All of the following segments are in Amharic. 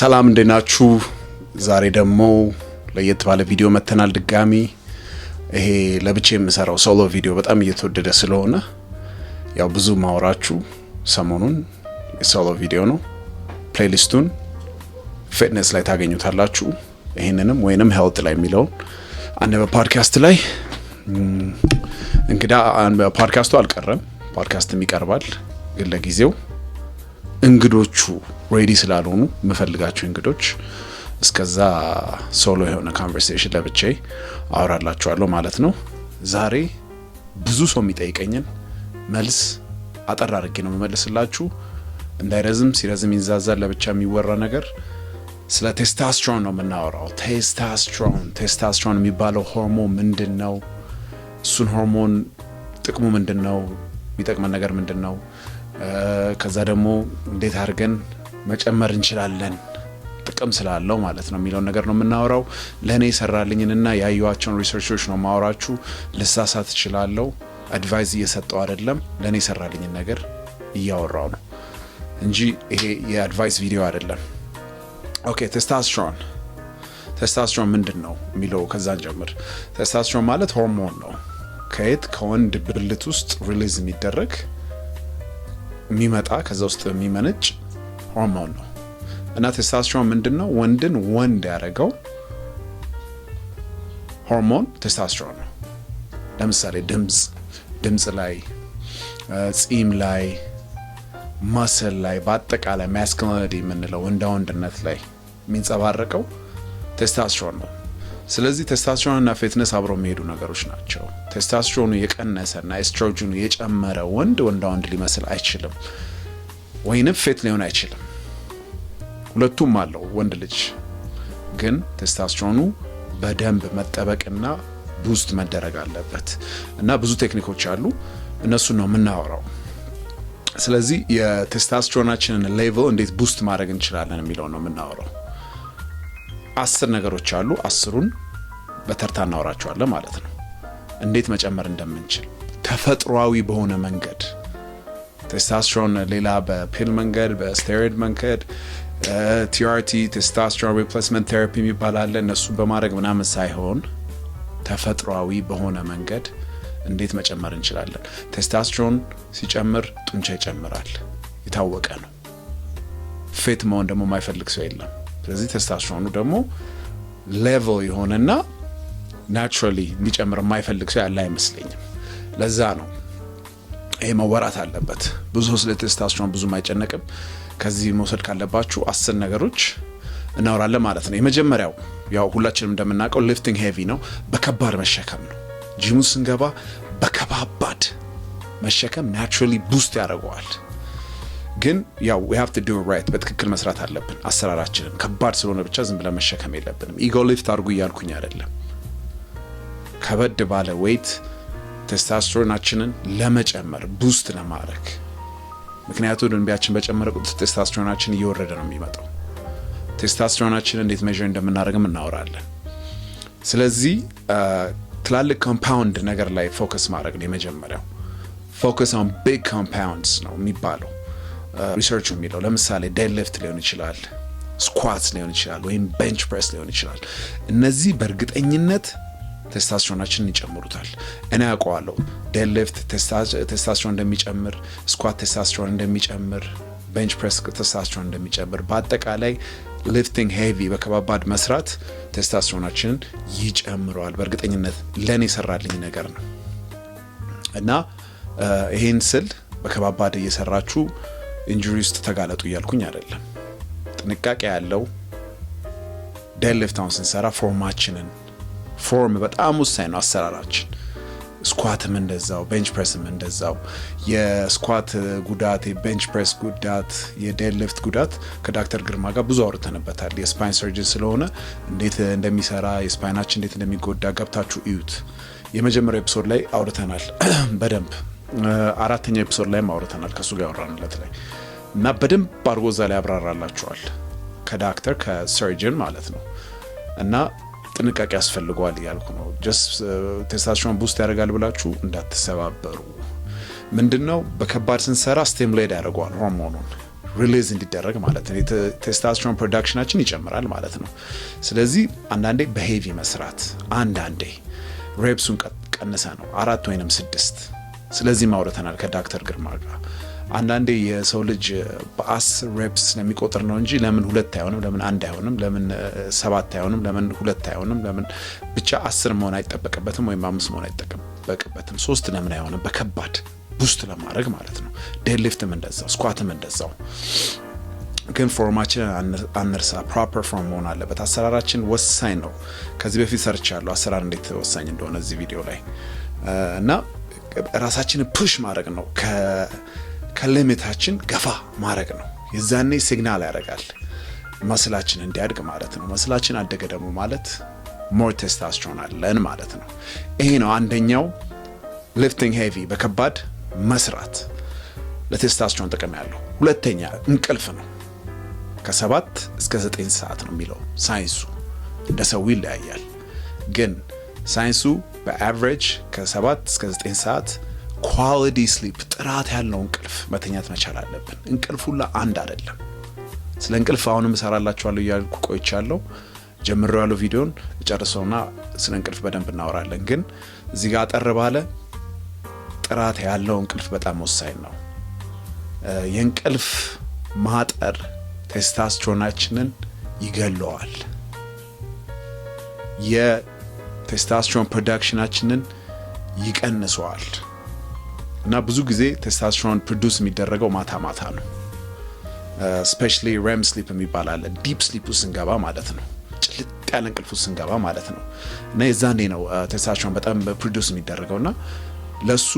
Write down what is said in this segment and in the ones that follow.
ሰላም እንዴት ናችሁ? ዛሬ ደግሞ ለየት ባለ ቪዲዮ መተናል ድጋሚ። ይሄ ለብቻ የምሰራው ሶሎ ቪዲዮ በጣም እየተወደደ ስለሆነ ያው ብዙ ማውራችሁ ሰሞኑን የሶሎ ቪዲዮ ነው። ፕሌሊስቱን ፊትነስ ላይ ታገኙታላችሁ። ይህንንም ወይንም ሄልት ላይ የሚለውን አንድ በፓድካስት ላይ እንግዳ ፓድካስቱ አልቀረም፣ ፓድካስትም ይቀርባል ግን ለጊዜው እንግዶቹ ሬዲ ስላልሆኑ የምፈልጋቸው እንግዶች እስከዛ ሶሎ የሆነ ካንቨርሴሽን ለብቻዬ አወራላችኋለሁ ማለት ነው። ዛሬ ብዙ ሰው የሚጠይቀኝን መልስ አጠር አድርጌ ነው የምመልስላችሁ እንዳይረዝም። ሲረዝም ይንዛዛል። ለብቻ የሚወራ ነገር ስለ ቴስታስትሮን ነው የምናወራው። ቴስታስትሮን ቴስታስትሮን የሚባለው ሆርሞን ምንድን ነው? እሱን ሆርሞን ጥቅሙ ምንድን ነው? የሚጠቅመን ነገር ምንድን ነው? ከዛ ደግሞ እንዴት አድርገን መጨመር እንችላለን ጥቅም ስላለው ማለት ነው የሚለውን ነገር ነው የምናወራው። ለእኔ የሰራልኝንና ያዩዋቸውን ሪሰርቾች ነው ማወራችሁ። ልሳሳት እችላለሁ። አድቫይዝ እየሰጠው አይደለም። ለእኔ የሰራልኝን ነገር እያወራው ነው እንጂ ይሄ የአድቫይስ ቪዲዮ አይደለም። ኦኬ ቴስታስትሮን ቴስታስትሮን ምንድን ነው የሚለው ከዛን ጀምር። ቴስታስትሮን ማለት ሆርሞን ነው። ከየት ከወንድ ብልት ውስጥ ሪሊዝ የሚደረግ የሚመጣ ከዛ ውስጥ የሚመነጭ ሆርሞን ነው እና ቴስታስትሮን ምንድን ነው? ወንድን ወንድ ያደረገው ሆርሞን ቴስታስትሮን ነው። ለምሳሌ ድምፅ ድምፅ ላይ ጺም ላይ መስል ላይ በአጠቃላይ ማስኩሊኒቲ የምንለው እንደ ወንድነት ላይ የሚንጸባረቀው ቴስታስትሮን ነው። ስለዚህ ቴስታስትሮንና ፌትነስ አብረው የሚሄዱ ነገሮች ናቸው። ቴስታስትሮኑ የቀነሰና ኤስትሮጅኑ የጨመረ ወንድ ወንዳ ወንድ ሊመስል አይችልም፣ ወይንም ፌት ሊሆን አይችልም። ሁለቱም አለው ወንድ ልጅ ግን ቴስታስትሮኑ በደንብ መጠበቅና ቡስት መደረግ አለበት እና ብዙ ቴክኒኮች አሉ። እነሱን ነው የምናወራው። ስለዚህ የቴስታስትሮናችንን ሌቭል እንዴት ቡስት ማድረግ እንችላለን የሚለው ነው የምናወራው። አስር ነገሮች አሉ። አስሩን በተርታ እናወራቸዋለን ማለት ነው። እንዴት መጨመር እንደምንችል ተፈጥሯዊ በሆነ መንገድ ቴስታስትሮን ሌላ በፒል መንገድ፣ በስቴሮይድ መንገድ፣ ቲአርቲ ቴስታስትሮን ሪፕሌስመንት ቴራፒ የሚባል አለ። እነሱን በማድረግ ምናምን ሳይሆን ተፈጥሯዊ በሆነ መንገድ እንዴት መጨመር እንችላለን። ቴስታስትሮን ሲጨምር ጡንቻ ይጨምራል፣ የታወቀ ነው። ፌት መሆን ደግሞ የማይፈልግ ሰው የለም። ስለዚህ ቴስታስትሮኑ ደግሞ ሌቨል የሆነና ናቹራሊ እንዲጨምር የማይፈልግ ሰው ያለ አይመስለኝም። ለዛ ነው ይሄ መወራት አለበት። ብዙ ስለ ቴስታስትሮን ብዙም አይጨነቅም። ከዚህ መውሰድ ካለባችሁ አስር ነገሮች እናወራለን ማለት ነው። የመጀመሪያው ያው ሁላችንም እንደምናውቀው ሊፍቲንግ ሄቪ ነው፣ በከባድ መሸከም ነው። ጂሙ ስንገባ በከባባድ መሸከም ናቹራሊ ቡስት ያደርገዋል። ግን ያው ዊ ሃቭ ቱ ዱ ራይት በትክክል መስራት አለብን። አሰራራችንን ከባድ ስለሆነ ብቻ ዝም ብለን መሸከም የለብንም። ኢጎ ሊፍት አድርጉ እያልኩኝ አይደለም። ከበድ ባለ ዌይት ቴስታስትሮናችንን ለመጨመር ቡስት ለማድረግ ምክንያቱ ድንቢያችን በጨመረ ቁጥር ቴስታስትሮናችን እየወረደ ነው የሚመጣው። ቴስታስትሮናችን እንዴት ሜዥር እንደምናደርግም እናወራለን። ስለዚህ ትላልቅ ኮምፓውንድ ነገር ላይ ፎከስ ማድረግ ነው የመጀመሪያው። ፎከስ ኦን ቢግ ኮምፓውንድስ ነው የሚባለው። ሪሰርች uh, የሚለው ለምሳሌ ዴድሊፍት ሊሆን ይችላል፣ ስኳት ሊሆን ይችላል፣ ወይም ቤንች ፕሬስ ሊሆን ይችላል። እነዚህ በእርግጠኝነት ቴስታስትሮናችንን ይጨምሩታል። እኔ ያውቀዋለሁ። ዴድሊፍት ቴስታስትሮን እንደሚጨምር፣ ስኳት ቴስታስትሮን እንደሚጨምር፣ ቤንች ፕሬስ ቴስታስትሮን እንደሚጨምር፣ በአጠቃላይ ሊፍቲንግ ሄቪ በከባባድ መስራት ቴስታስትሮናችንን ይጨምረዋል። በእርግጠኝነት ለእኔ የሰራልኝ ነገር ነው እና uh, ይህን ስል በከባባድ እየሰራችሁ ኢንጁሪ ውስጥ ተጋለጡ እያልኩኝ አይደለም። ጥንቃቄ ያለው አሁን ስንሰራ ፎርማችንን ፎርም በጣም ወሳኝ ነው አሰራራችን ስኳትም እንደዛው ቤንች ፕሬስም እንደዛው። የስኳት ጉዳት፣ የቤንች ፕሬስ ጉዳት፣ የዴድሊፍት ጉዳት ከዳክተር ግርማ ጋር ብዙ አውርተንበታል። የስፓይን ሰርጅን ስለሆነ እንዴት እንደሚሰራ የስፓይናችን እንዴት እንደሚጎዳ ገብታችሁ እዩት። የመጀመሪያው ኤፒሶድ ላይ አውርተናል በደንብ አራተኛ ኤፒሶድ ላይ ማውረተናል ከእሱ ጋር ያወራንለት ላይ እና በደንብ አድርጎ እዛ ላይ ያብራራላቸዋል ከዳክተር ከሰርጅን ማለት ነው እና ጥንቃቄ ያስፈልገዋል እያልኩ ነው። ጀስት ቡስት ያደርጋል ብላችሁ እንዳትሰባበሩ። ምንድን ነው በከባድ ስንሰራ ስቲሙሌት ያደርገዋል ሆርሞኑን ሪሊዝ እንዲደረግ ማለት ነው። ቴስታቸውን ፕሮዳክሽናችን ይጨምራል ማለት ነው። ስለዚህ አንዳንዴ በሄቪ መስራት አንዳንዴ ሬፕሱን ቀንሰ ነው አራት ወይንም ስድስት ስለዚህ ማውረተናል ከዳክተር ግርማ ጋር አንዳንዴ የሰው ልጅ በአስር ሬፕስ የሚቆጥር ነው እንጂ ለምን ሁለት አይሆንም? ለምን አንድ አይሆንም? ለምን ሰባት አይሆንም? ለምን ሁለት አይሆንም? ለምን ብቻ አስር መሆን አይጠበቅበትም? ወይም አምስት መሆን አይጠበቅበትም? ሶስት ለምን አይሆንም? በከባድ ቡስት ለማድረግ ማለት ነው። ዴድሊፍትም እንደዛው፣ ስኳትም እንደዛው ግን ፎርማችንን አንርሳ። ፕሮፐር ፎርም መሆን አለበት። አሰራራችን ወሳኝ ነው። ከዚህ በፊት ሰርቻለሁ አሰራር እንዴት ወሳኝ እንደሆነ እዚህ ቪዲዮ ላይ እና ራሳችን ፑሽ ማድረግ ነው። ከሊሚታችን ገፋ ማድረግ ነው። የዛኔ ሲግናል ያደርጋል መስላችን እንዲያድግ ማለት ነው። መስላችን አደገ ደግሞ ማለት ሞር ቴስታስትሮን አለን ማለት ነው። ይሄ ነው አንደኛው ሊፍቲንግ ሄቪ በከባድ መስራት ለቴስታስትሮን ጥቅም ያለው። ሁለተኛ እንቅልፍ ነው። ከሰባት እስከ ዘጠኝ ሰዓት ነው የሚለው ሳይንሱ። እንደ ሰው ይለያያል ግን ሳይንሱ በአቨሬጅ ከ7 እስከ 9 ሰዓት ኳሊቲ ስሊፕ ጥራት ያለው እንቅልፍ መተኛት መቻል አለብን። እንቅልፍ ሁላ አንድ አይደለም። ስለ እንቅልፍ አሁንም እሰራላችኋለሁ እያልኩ ቆይቻለሁ። ጀምሮ ያለው ቪዲዮን ጨርሰውና ስለ እንቅልፍ በደንብ እናወራለን። ግን እዚህ ጋር አጠር ባለ ጥራት ያለው እንቅልፍ በጣም ወሳኝ ነው። የእንቅልፍ ማጠር ቴስታስትሮናችንን ይገለዋል። ቴስታስትሮን ፕሮዳክሽናችንን ይቀንሰዋል እና ብዙ ጊዜ ቴስታስትሮን ፕሮዱስ የሚደረገው ማታ ማታ ነው። ስፔሻሊ ሬም ስሊፕ የሚባል አለ። ዲፕ ስሊፕ ውስጥ ስንገባ ማለት ነው። ጭልጥ ያለ እንቅልፍ ውስጥ ስንገባ ማለት ነው። እና የዛኔ ነው ቴስታስትሮን በጣም ፕሮዱስ የሚደረገው እና ለሱ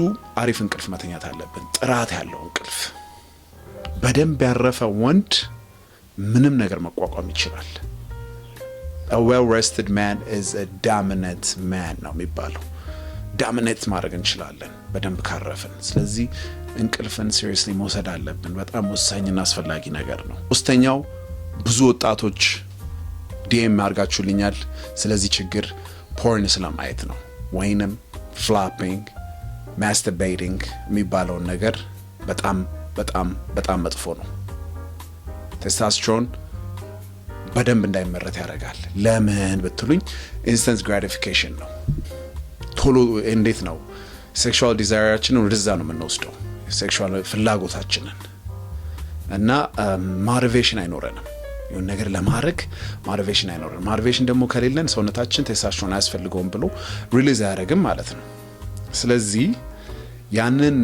አሪፍ እንቅልፍ መተኛት አለብን። ጥራት ያለው እንቅልፍ በደንብ ያረፈ ወንድ ምንም ነገር መቋቋም ይችላል። ዌል ሬስትድ ማን ኢዝ ዳሚነንት ማን ነው የሚባለው። ዳሚኔት ማድረግ እንችላለን በደንብ ካረፍን። ስለዚህ እንቅልፍን ሲሪየስሊ መውሰድ አለብን። በጣም ወሳኝና አስፈላጊ ነገር ነው። ሶስተኛው ብዙ ወጣቶች ዲኤም አድርጋችሁልኛል ስለዚህ ችግር ፖርን ስለማየት ነው ወይንም ፍላፒንግ ማስተርቤቲንግ የሚባለውን ነገር በጣም በጣም በጣም መጥፎ ነው። ቴስታስትሮን በደንብ እንዳይመረት ያደርጋል። ለምን ብትሉኝ ኢንስተንስ ግራቲፊኬሽን ነው። ቶሎ እንዴት ነው ሴክሹዋል ዲዛይራችንን ወደዛ ነው የምንወስደው ሴክሹዋል ፍላጎታችንን እና ማርቬሽን አይኖረንም። ይሁን ነገር ለማድረግ ማርቬሽን አይኖረንም። ማርቬሽን ደግሞ ከሌለን ሰውነታችን ቴስታስትሮን አያስፈልገውም ብሎ ሪሊዝ አያደርግም ማለት ነው። ስለዚህ ያንን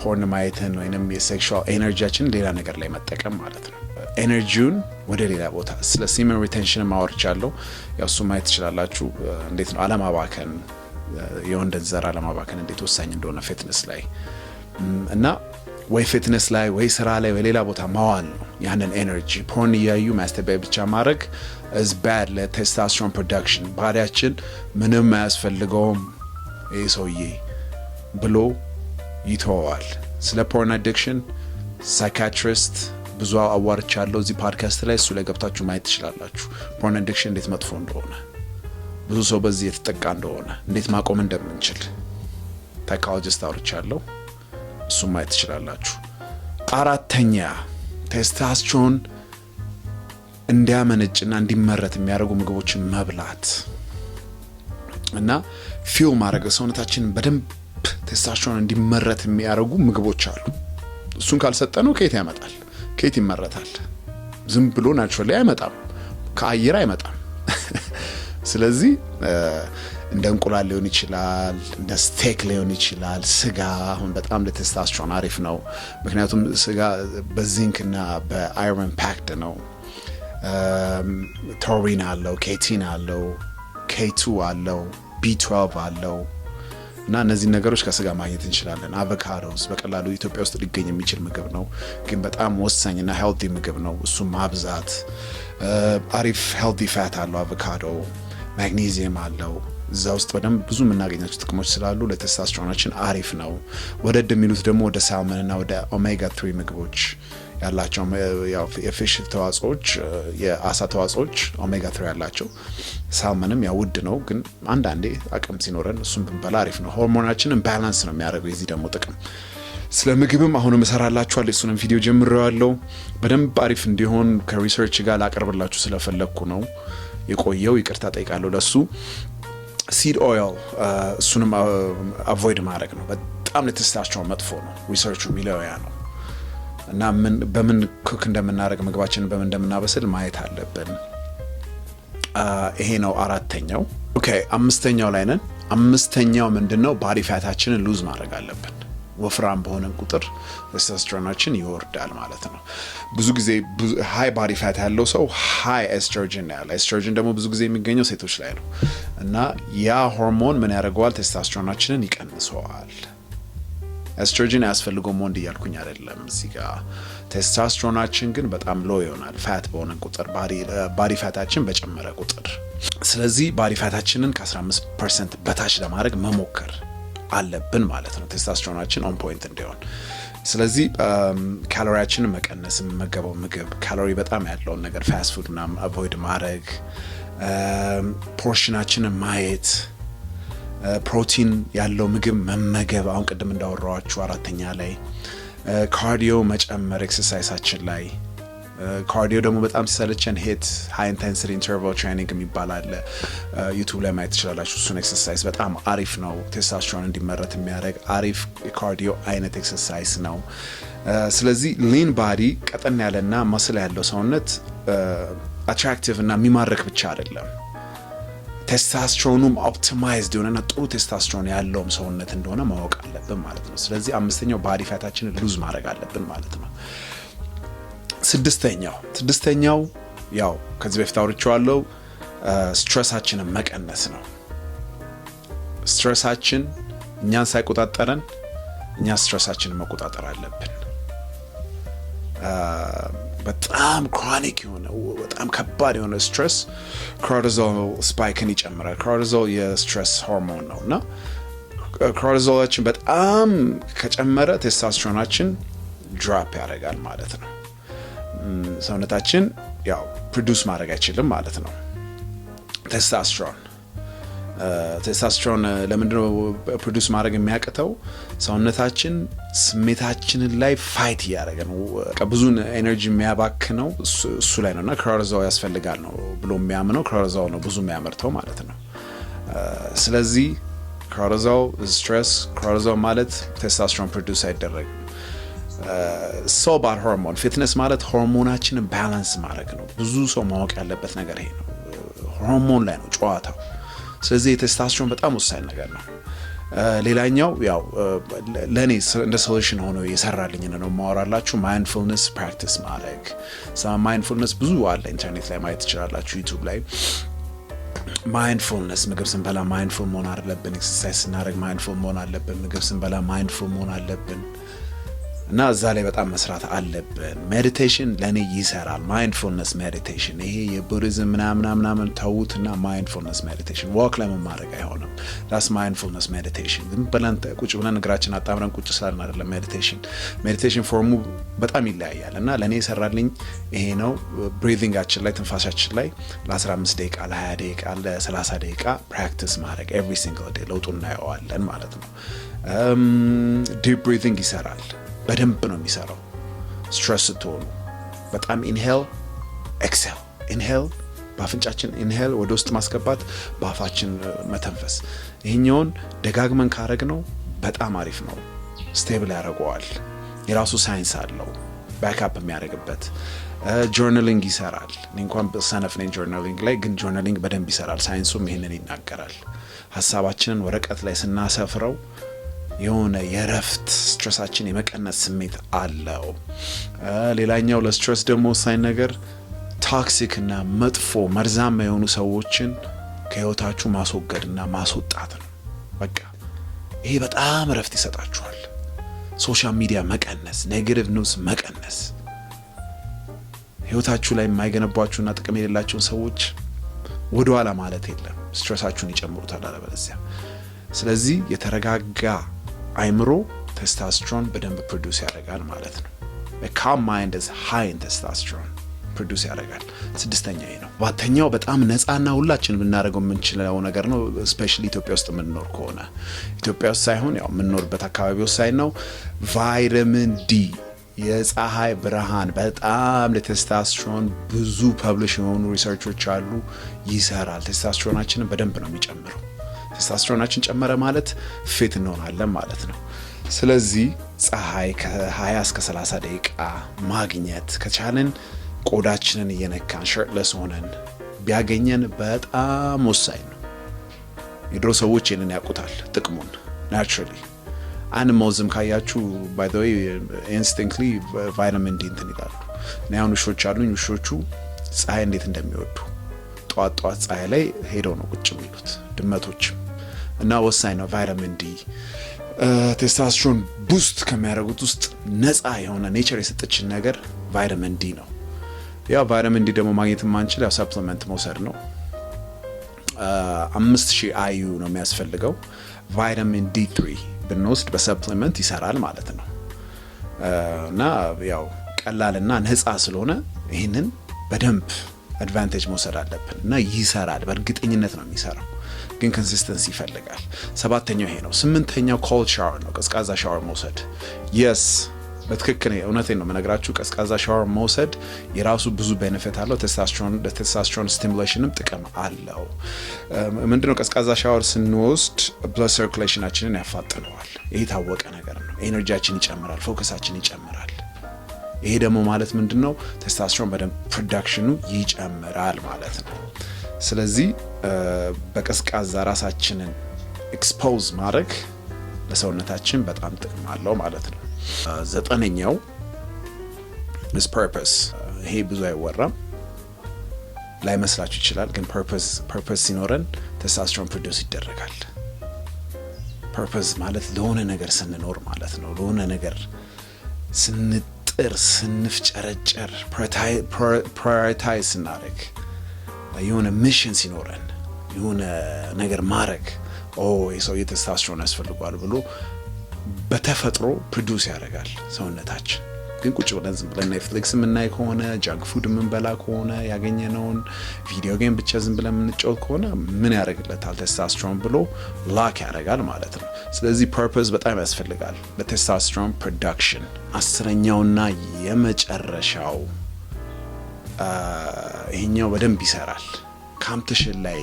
ፖርን ማየትን ወይም የሴክሹዋል ኤነርጂያችንን ሌላ ነገር ላይ መጠቀም ማለት ነው። ኤነርጂውን ወደ ሌላ ቦታ ስለ ሲመን ሪቴንሽን ማወርቻለሁ። ያው እሱ ማየት ትችላላችሁ። እንዴት ነው አለማባከን፣ የወንድን ዘር አለማባከን እንዴት ወሳኝ እንደሆነ ፊትነስ ላይ እና ወይ ፊትነስ ላይ ወይ ስራ ላይ ወይ ሌላ ቦታ ማዋል ነው ያንን ኤነርጂ። ፖርን እያዩ ማስተቢያ ብቻ ማድረግ እዝ ባድ ለቴስታስትሮን ፕሮዳክሽን ባህሪያችን ምንም አያስፈልገውም ይህ ሰውዬ ብሎ ይተወዋል። ስለ ፖርን አዲክሽን ሳይካትሪስት ብዙ አዋርቻ ያለው እዚህ ፓድካስት ላይ እሱ ላይ ገብታችሁ ማየት ትችላላችሁ። ፖርን ዲክሽን እንዴት መጥፎ እንደሆነ፣ ብዙ ሰው በዚህ የተጠቃ እንደሆነ፣ እንዴት ማቆም እንደምንችል ታይኮሎጂስት አውርቻ ያለው እሱ ማየት ትችላላችሁ። አራተኛ ቴስታስቾን እንዲያመነጭና እንዲመረት የሚያደርጉ ምግቦችን መብላት እና ፊው ማድረግ ሰውነታችን በደንብ ቴስታስቾን እንዲመረት የሚያደርጉ ምግቦች አሉ። እሱን ካልሰጠነው ከየት ያመጣል? ከየት ይመረታል? ዝም ብሎ ናቹራሊ አይመጣም፣ ከአየር አይመጣም። ስለዚህ እንደ እንቁላል ሊሆን ይችላል፣ እንደ ስቴክ ሊሆን ይችላል። ስጋ አሁን በጣም ለቴስታስትሮን አሪፍ ነው፣ ምክንያቱም ስጋ በዚንክና በአይረን ፓክድ ነው። ቶሪን አለው እና እነዚህን ነገሮች ከስጋ ማግኘት እንችላለን። አቮካዶስ በቀላሉ ኢትዮጵያ ውስጥ ሊገኝ የሚችል ምግብ ነው፣ ግን በጣም ወሳኝና ሄልቲ ምግብ ነው። እሱ ማብዛት አሪፍ ሄልቲ ፋት አለው አቮካዶ፣ ማግኒዚየም አለው እዛ ውስጥ በደንብ ብዙ የምናገኛቸው ጥቅሞች ስላሉ ለቴስታስትሮናችን አሪፍ ነው። ወደድ የሚሉት ደግሞ ወደ ሳልመንና ወደ ኦሜጋ ትሪ ምግቦች ያላቸው የፊሽ ተዋጽኦች የአሳ ተዋጽኦች ኦሜጋ ትሪ ያላቸው ሳልመንም ያው ውድ ነው፣ ግን አንዳንዴ አቅም ሲኖረን እሱም ብንበላ አሪፍ ነው። ሆርሞናችንን ባላንስ ነው የሚያደርገው። የዚህ ደግሞ ጥቅም ስለ ምግብም አሁን እሰራላችኋለሁ። እሱንም ቪዲዮ ጀምሬዋለሁ። በደንብ አሪፍ እንዲሆን ከሪሰርች ጋር ላቀርብላችሁ ስለፈለግኩ ነው የቆየው። ይቅርታ ጠይቃለሁ ለሱ። ሲድ ኦይል እሱንም አቮይድ ማድረግ ነው። በጣም ለተስታቸው መጥፎ ነው። ሪሰርቹ የሚለው ያ ነው። እና በምን ኩክ እንደምናደርግ ምግባችንን በምን እንደምናበስል ማየት አለብን። ይሄ ነው አራተኛው። ኦኬ አምስተኛው ላይ ነን። አምስተኛው ምንድን ነው? ባዲ ፋታችንን ሉዝ ማድረግ አለብን። ወፍራም በሆነን ቁጥር ኤስትሮጀናችን ይወርዳል ማለት ነው። ብዙ ጊዜ ሀይ ባሪ ፋት ያለው ሰው ሀይ ኤስትሮጅን ያለ ኤስትሮጅን ደግሞ ብዙ ጊዜ የሚገኘው ሴቶች ላይ ነው እና ያ ሆርሞን ምን ያደርገዋል? ቴስታስትሮናችንን ይቀንሰዋል። ኤስትሮጂን አያስፈልገውም ወንድ እያልኩኝ አይደለም። እዚህ ጋር ቴስታስትሮናችን ግን በጣም ሎ ይሆናል ፋት በሆነ ቁጥር ባሪ ፋታችን በጨመረ ቁጥር። ስለዚህ ባሪ ፋታችንን ከ15 ፐርሰንት በታች ለማድረግ መሞከር አለብን ማለት ነው፣ ቴስታስትሮናችን ኦን ፖይንት እንዲሆን። ስለዚህ ካሎሪያችንን um, መቀነስ፣ የምመገበው ምግብ ካሎሪ በጣም ያለውን ነገር ፋስት ፉድ ምናምን አቮይድ ማድረግ፣ ፖርሽናችንን um, ማየት ፕሮቲን ያለው ምግብ መመገብ፣ አሁን ቅድም እንዳወራዋችሁ አራተኛ ላይ ካርዲዮ መጨመር ኤክሰርሳይሳችን ላይ ካርዲዮ ደግሞ በጣም ሲሰለቸን ሄት ሃይ ኢንቴንሲቲ ኢንተርቫል ትሬኒንግ የሚባል አለ። ዩቱብ ላይ ማየት ትችላላችሁ። እሱን ኤክሰርሳይዝ በጣም አሪፍ ነው። ቴስታስትሮን እንዲመረት የሚያደርግ አሪፍ የካርዲዮ አይነት ኤክሰርሳይዝ ነው። ስለዚህ ሊን ባዲ ቀጠን ያለና መስል ያለው ሰውነት አትራክቲቭ እና የሚማረክ ብቻ አይደለም። ቴስታስትሮኑም ኦፕቲማይዝድ የሆነና ጥሩ ቴስታስትሮን ያለውም ሰውነት እንደሆነ ማወቅ አለብን ማለት ነው። ስለዚህ አምስተኛው ባዲ ፋታችንን ሉዝ ማድረግ አለብን ማለት ነው። ስድስተኛው ስድስተኛው ያው ከዚህ በፊት አውርቼዋለሁ ስትረሳችንን መቀነስ ነው። ስትረሳችን እኛን ሳይቆጣጠረን እኛ ስትረሳችንን መቆጣጠር አለብን። በጣም ክሮኒክ የሆነ በጣም ከባድ የሆነ ስትረስ ኮርቲዞል ስፓይክን ይጨምራል። ኮርቲዞል የስትረስ ሆርሞን ነው እና ኮርቲዞላችን በጣም ከጨመረ ቴስታስትሮናችን ድራፕ ያደርጋል ማለት ነው። ሰውነታችን ያው ፕሮዲውስ ማድረግ አይችልም ማለት ነው ቴስታስትሮን ቴስታስትሮን ለምንድነው ፕሮዲስ ማድረግ የሚያቅተው? ሰውነታችን ስሜታችንን ላይ ፋይት እያደረገ ነው። ብዙን ኤነርጂ የሚያባክነው እሱ ላይ ነው እና ክራርዛው ያስፈልጋል ነው ብሎ የሚያምነው ክራርዛው ነው ብዙ የሚያመርተው ማለት ነው። ስለዚህ ክራርዛው ስትረስ፣ ክራርዛው ማለት ቴስታስትሮን ፕሮዲስ አይደረግም። ሶባር ሆርሞን ፊትነስ ማለት ሆርሞናችንን ባላንስ ማድረግ ነው። ብዙ ሰው ማወቅ ያለበት ነገር ይሄ ነው። ሆርሞን ላይ ነው ጨዋታው። ስለዚህ የቴስታስትሮን በጣም ወሳኝ ነገር ነው። ሌላኛው ያው ለእኔ እንደ ሶሉሽን ሆኖ የሰራልኝ ነው ማወራላችሁ፣ ማይንድፉልነስ ፕራክቲስ ማድረግ። ማይንድፉልነስ ብዙ አለ፣ ኢንተርኔት ላይ ማየት ትችላላችሁ፣ ዩቱብ ላይ ማይንድፉልነስ ምግብ ስንበላ ማይንድፉል መሆን አለብን። ኤክሰርሳይዝ ስናደርግ ማይንድፉል መሆን አለብን። ምግብ ስንበላ ማይንድፉል መሆን አለብን። እና እዛ ላይ በጣም መስራት አለብን። ሜዲቴሽን ለእኔ ይሰራል። ማይንድፉልነስ ሜዲቴሽን ይሄ የቡዲዝም ምናምና ምናምን እና ማይንድፉልነስ ሜዲቴሽን ዋክ ለምን አይሆንም? ዳስ ማይንድፉልነስ ሜዲቴሽን ዝም ብለን ቁጭ ብለን እግራችን አጣምረን ቁጭ ስላልን አይደለም። ሜዲቴሽን ሜዲቴሽን ፎርሙ በጣም ይለያያል። እና ለእኔ የሰራልኝ ይሄ ነው። ብሪዚንጋችን ላይ ትንፋሻችን ላይ ለ15 ደቂቃ ለ20 ደቂቃ ለ30 ደቂቃ ፕራክቲስ ማድረግ ኤቭሪ ሲንግል ዴይ ለውጡ እናየዋለን ማለት ነው። ዲፕ um, ብሪዚንግ ይሰራል። በደንብ ነው የሚሰራው። ስትረስ ስትሆኑ በጣም ኢንሄል ኤክሴል ኢንሄል በአፍንጫችን ኢንሄል ወደ ውስጥ ማስገባት፣ በአፋችን መተንፈስ። ይህኛውን ደጋግመን ካረግ ነው በጣም አሪፍ ነው። ስቴብል ያደርገዋል። የራሱ ሳይንስ አለው ባክአፕ የሚያደርግበት ጆርናሊንግ ይሰራል። እኔ እንኳን ሰነፍ ነኝ ጆርናሊንግ ላይ ግን ጆርናሊንግ በደንብ ይሰራል። ሳይንሱም ይህንን ይናገራል። ሀሳባችንን ወረቀት ላይ ስናሰፍረው የሆነ የረፍት ስትረሳችን የመቀነስ ስሜት አለው። ሌላኛው ለስትረስ ደግሞ ወሳኝ ነገር ታክሲክ እና መጥፎ መርዛማ የሆኑ ሰዎችን ከህይወታችሁ ማስወገድና ማስወጣት ነው። በቃ ይሄ በጣም እረፍት ይሰጣችኋል። ሶሻል ሚዲያ መቀነስ፣ ኔጌቲቭ ኒውስ መቀነስ፣ ህይወታችሁ ላይ የማይገነቧችሁና ጥቅም የሌላቸውን ሰዎች ወደኋላ ማለት የለም። ስትረሳችሁን ይጨምሩታል አለበለዚያ። ስለዚህ የተረጋጋ አይምሮ ቴስታስትሮን በደንብ ፕሮዲስ ያደርጋል ማለት ነው። ካም ማይንድ ኢዝ ሃይ ኢን ቴስታስትሮን ፕሮዲውስ ያደርጋል። ስድስተኛ ነው። ባተኛው በጣም ነፃና ሁላችን ብናደርገው የምንችለው ነገር ነው። ስፔሻሊ ኢትዮጵያ ውስጥ የምንኖር ከሆነ ኢትዮጵያ ውስጥ ሳይሆን ያው የምንኖርበት አካባቢ ወሳኝ ነው። ቫይታሚን ዲ የፀሐይ ብርሃን በጣም ለቴስታስትሮን ብዙ ፐብሊሽ የሆኑ ሪሰርቾች አሉ፣ ይሰራል። ቴስታስትሮናችንን በደንብ ነው የሚጨምረው። ቴስታስትሮናችን ጨመረ ማለት ፊት እንሆናለን ማለት ነው። ስለዚህ ፀሐይ ከ20 እስከ 30 ደቂቃ ማግኘት ከቻልን ቆዳችንን እየነካን ሸርትለስ ሆነን ቢያገኘን በጣም ወሳኝ ነው። የድሮ ሰዎች ይህንን ያውቁታል ጥቅሙን ናቹራሊ አንማውዝም ካያችሁ ባይ ዘ ዌይ ኢንስቲንክትሊ ቫይታሚን ዲ እንትን ይላሉ። እኔ አሁን ውሾች አሉኝ። ውሾቹ ፀሐይ እንዴት እንደሚወዱ ጠዋት ጠዋት ፀሐይ ላይ ሄደው ነው ቁጭ የሚሉት ድመቶች እና ወሳኝ ነው። ቫይታሚን ዲ ቴስታስትሮን ቡስት ከሚያደርጉት ውስጥ ነፃ የሆነ ኔቸር የሰጠችን ነገር ቫይታሚን ዲ ነው። ያው ቫይታሚን ዲ ደግሞ ማግኘት የማንችል ያው ሰፕሊመንት መውሰድ ነው። አምስት ሺህ አዩ ነው የሚያስፈልገው ቫይታሚን ዲ ትሪ ብንወስድ በሰፕሊመንት ይሰራል ማለት ነው። እና ያው ቀላልና ነፃ ስለሆነ ይህንን በደንብ አድቫንቴጅ መውሰድ አለብን እና ይሰራል። በእርግጠኝነት ነው የሚሰራው፣ ግን ኮንሲስተንሲ ይፈልጋል። ሰባተኛው ይሄ ነው። ስምንተኛው ኮልድ ሻወር ነው፣ ቀዝቃዛ ሻወር መውሰድ። የስ በትክክል እውነቴን ነው የምነግራችሁ። ቀዝቃዛ ሻወር መውሰድ የራሱ ብዙ ቤኔፊት አለው። ቴስታስትሮን ስቲሙሌሽንም ጥቅም አለው። ምንድነው ቀዝቃዛ ሻወር ስንወስድ ብለድ ሰርኩሌሽናችንን ያፋጥነዋል። ይህ የታወቀ ነገር ነው። ኤነርጂያችን ይጨምራል፣ ፎከሳችን ይጨምራል። ይሄ ደግሞ ማለት ምንድን ነው? ቴስታስትሮን በደንብ ፕሮዳክሽኑ ይጨምራል ማለት ነው። ስለዚህ በቀዝቃዛ ራሳችንን ኤክስፖዝ ማድረግ ለሰውነታችን በጣም ጥቅም አለው ማለት ነው። ዘጠነኛው ስ ፐርፐስ። ይሄ ብዙ አይወራም ላይመስላችሁ ይችላል፣ ግን ፐርፐስ ሲኖረን ቴስታስትሮን ፕሮዲውስ ይደረጋል። ፐርፐስ ማለት ለሆነ ነገር ስንኖር ማለት ነው። ለሆነ ነገር ስንት ጥርስ ስንፍጨረጨር ፕራዮሪታይዝ ስናደርግ የሆነ ሚሽን ሲኖረን የሆነ ነገር ማድረግ የሰው ቴስታስትሮን ያስፈልጓል ብሎ በተፈጥሮ ፕሮዲውስ ያደርጋል ሰውነታችን። ግን ቁጭ ብለን ዝም ብለን ኔትፍሊክስ የምናይ ከሆነ ጃንክ ፉድ የምንበላ ከሆነ ያገኘነውን ቪዲዮ ጌም ብቻ ዝም ብለን የምንጫወት ከሆነ ምን ያደርግለታል? ቴስታስትሮን ብሎ ላክ ያደርጋል ማለት ነው። ስለዚህ ፐርፐስ በጣም ያስፈልጋል በቴስታስትሮን ፕሮዳክሽን። አስረኛውና የመጨረሻው ይሄኛው በደንብ ይሰራል። ካምፕቲሽን ላይ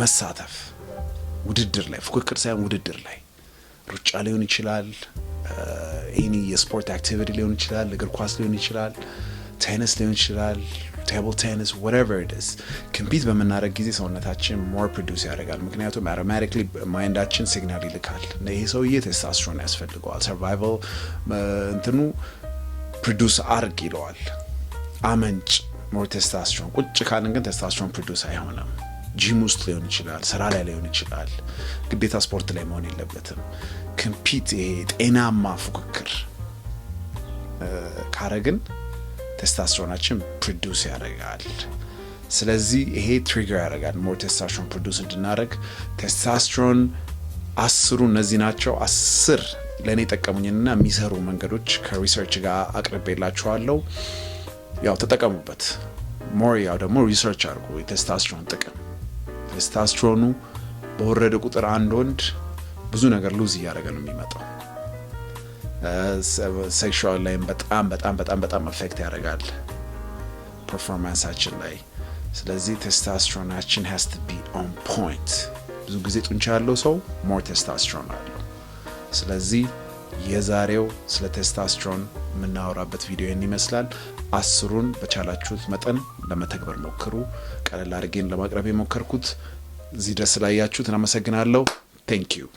መሳተፍ፣ ውድድር ላይ ፉክክር ሳይሆን ውድድር ላይ ሩጫ ሊሆን ይችላል ኤኒ የስፖርት አክቲቪቲ ሊሆን ይችላል፣ እግር ኳስ ሊሆን ይችላል፣ ቴኒስ ሊሆን ይችላል፣ ቴብል ቴኒስ ወቨር ስ ኮምፒት በምናደረግ ጊዜ ሰውነታችን ሞር ፕሮዲውስ ያደርጋል። ምክንያቱም አውቶማቲክሊ ማይንዳችን ሲግናል ይልካል፣ ይሄ ሰውዬ ቴስታስትሮን ያስፈልገዋል፣ ሰርቫይቫል uh, እንትኑ ፕሮዲውስ አርግ ይለዋል። አመንጭ ሞር ቴስታስትሮን። ቁጭ ካልን ግን ቴስታስትሮን ፕሮዲውስ አይሆንም። ጂም ውስጥ ሊሆን ይችላል፣ ስራ ላይ ሊሆን ይችላል። ግዴታ ስፖርት ላይ መሆን የለበትም። ክምፒት ይሄ ጤናማ ፉክክር ካረግን ቴስታስትሮናችን ፕሮዲውስ ያደርጋል። ስለዚህ ይሄ ትሪገር ያደርጋል ሞር ቴስታስትሮን ፕሮዲውስ እንድናደርግ። ቴስታስትሮን አስሩ እነዚህ ናቸው። አስር ለእኔ ጠቀሙኝና የሚሰሩ መንገዶች ከሪሰርች ጋር አቅርቤላችኋለሁ። ያው ተጠቀሙበት። ሞር ያው ደግሞ ሪሰርች አድርጉ የቴስታስትሮን ጥቅም ቴስታስትሮኑ በወረደ ቁጥር አንድ ወንድ ብዙ ነገር ሉዝ እያደረገ ነው የሚመጣው። ሴክሹዋል ላይም በጣም በጣም በጣም በጣም አፌክት ያደርጋል ፐርፎርማንሳችን ላይ። ስለዚህ ቴስታስትሮናችን ሃስ ቱ ቢ ኦን ፖይንት። ብዙ ጊዜ ጡንቻ ያለው ሰው ሞር ቴስታስትሮን አለው። ስለዚህ የዛሬው ስለ ቴስታስትሮን የምናወራበት ቪዲዮ ይህን ይመስላል። አስሩን በቻላችሁት መጠን ለመተግበር ሞክሩ። ቀለል አድርጌን ለማቅረብ የሞከርኩት እዚህ ድረስ ስላያችሁት እናመሰግናለሁ። ቴንክ ዩ